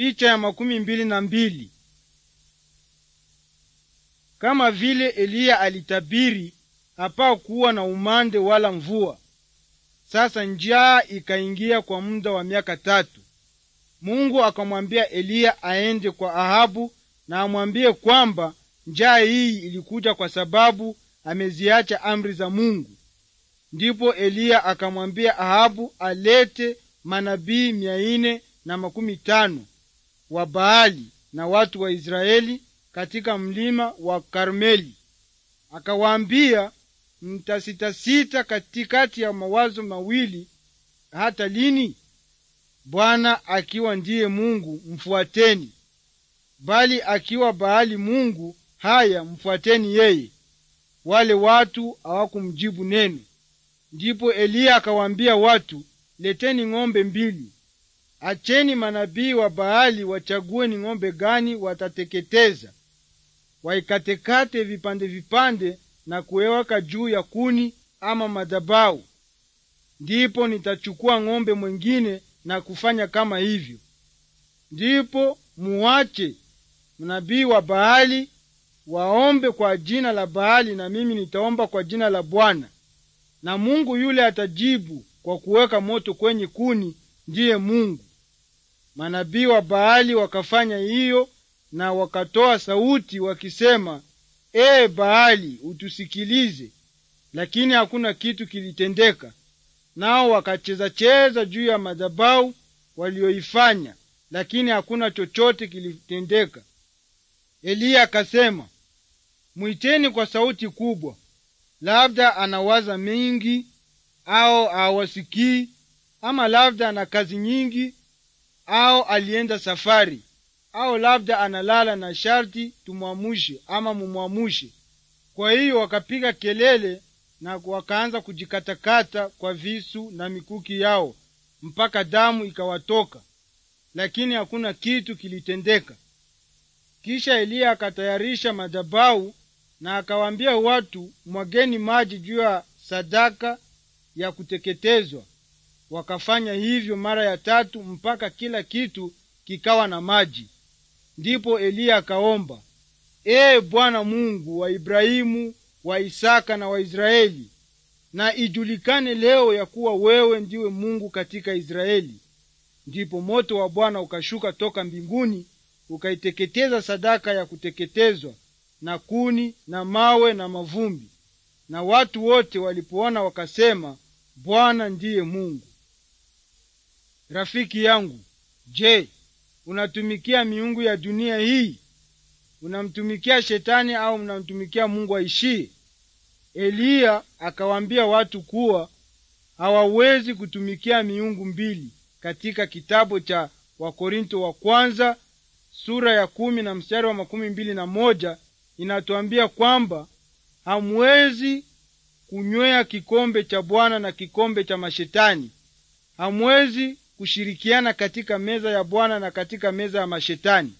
Picha ya makumi mbili na mbili. Kama vile Eliya alitabiri, kuwa na umande wala mvua. Sasa njaa ikaingia kwa muda wa miaka tatu. Mungu akamwambia Eliya aende kwa Ahabu na amwambie kwamba njaa hii ilikuja kwa sababu ameziacha amri za Mungu. Ndipo Eliya akamwambia Ahabu alete manabii mia nne na makumi tano wa Baali na watu wa Israeli katika mlima wa Karmeli. Akawaambia, mtasitasita katikati ya mawazo mawili hata lini? Bwana akiwa ndiye Mungu mfuateni, bali akiwa Baali mungu, haya mfuateni yeye. Wale watu hawakumjibu neno. Ndipo Eliya akawaambia watu, leteni ng'ombe mbili Acheni manabii wa Baali wachague ni ng'ombe gani watateketeza, waikatekate vipande vipande na kuweka juu ya kuni ama madhabahu. Ndipo nitachukua ng'ombe mwengine na kufanya kama hivyo. Ndipo muwache mnabii wa Baali waombe kwa jina la Baali, na mimi nitaomba kwa jina la Bwana, na Mungu yule atajibu kwa kuweka moto kwenye kuni. Ndiye Mungu. Manabii wa Baali wakafanya hiyo na wakatoa sauti wakisema, Ee Baali, utusikilize. Lakini hakuna kitu kilitendeka. Nao wakachezacheza juu ya madhabahu walioifanya, lakini hakuna chochote kilitendeka. Eliya akasema, mwiteni kwa sauti kubwa, labda anawaza mengi, au awasikii ama labda ana kazi nyingi au alienda safari au labda analala, na sharti tumwamushe ama mumwamushe. Kwa hiyo wakapiga kelele na wakaanza kujikatakata kwa visu na mikuki yao mpaka damu ikawatoka, lakini hakuna kitu kilitendeka. Kisha Eliya akatayarisha madhabahu na akawaambia watu, mwageni maji juu ya sadaka ya kuteketezwa Wakafanya hivyo mara ya tatu mpaka kila kitu kikawa na maji. Ndipo Eliya akaomba, Ee Bwana Mungu wa Ibrahimu, wa Isaka na wa Israeli, na ijulikane leo ya kuwa wewe ndiwe Mungu katika Israeli. Ndipo moto wa Bwana ukashuka toka mbinguni ukaiteketeza sadaka ya kuteketezwa na kuni na mawe na mavumbi, na watu wote walipoona wakasema, Bwana ndiye Mungu. Rafiki yangu, je, unatumikia miungu ya dunia hii? Unamtumikia shetani au unamtumikia Mungu aishie? Eliya akawaambia watu kuwa hawawezi kutumikia miungu mbili, katika kitabu cha Wakorinto wa kwanza sura ya kumi na mstari wa makumi mbili na moja inatuambia kwamba hamwezi kunywea kikombe cha Bwana na kikombe cha mashetani, hamwezi kushirikiana katika meza ya Bwana na katika meza ya mashetani.